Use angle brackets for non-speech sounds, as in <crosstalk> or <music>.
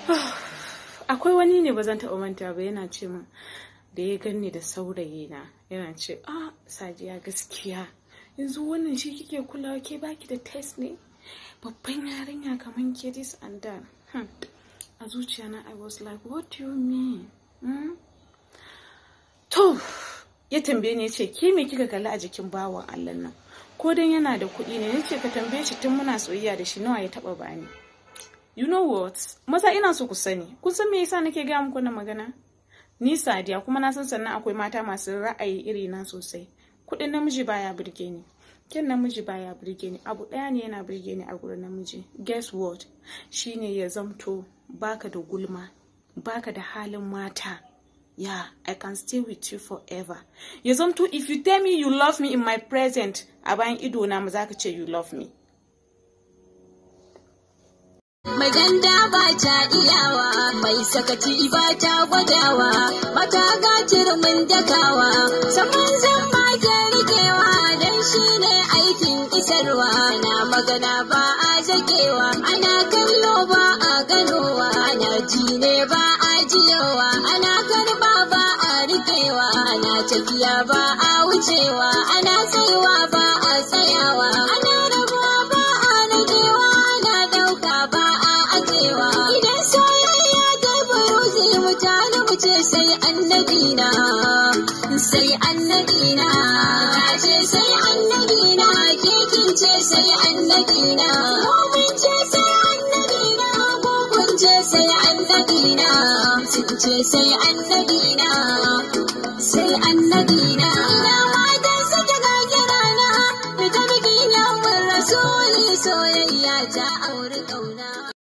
<sighs> akwai wani ne ba zan taɓa manta ba yana ce min da ya ganni da saurayi na yana ce a sadiya gaskiya yanzu wannan shi kike kulawa ke baki da test ne babban yarinya kamar ke this and that hmm. a zuciya na i was like what do you mean hmm. to ya tambaye ni ce ke me kika kalli a jikin bawan allon nan ko dan yana da kuɗi ne ya ce ka tambaye shi tun muna soyayya da shi nawa ya taɓa bani You know what? Maza ina so ku sani, kun san me yasa nake gaya muku wannan magana? Ni Sadiya kuma na san sannan akwai mata masu ra'ayi iri na sosai. Kuɗin namiji baya burge ni. Kyan namiji baya burge ni. Abu ɗaya ne yana burge ni a gurin namiji. Guess what? Shine ya zamto baka da gulma, baka da halin mata. yeah i can stay with you forever ya zamto if you tell me you love me in my present a bayan na ma za ka ce you love me maganda ba ta iyawa mai sakaci ba ta gwadawa mata gatir mun dakawa saman zan ke rikewa dan shi ne aikin isarwa na magana ba a jagewa. ana kallo ba a ganowa ana ji ne ba a jiyowa ana karba ba a rikewa ana tafiya ba a wucewa ana ce sai annabi na sai annabi na ta ce sai annabi na ke kin ce sai annabi na mun ce sai annabi na ko kun ce sai annabi na sun ce sai annabi na sai annabi na soyayya ta auri ƙauna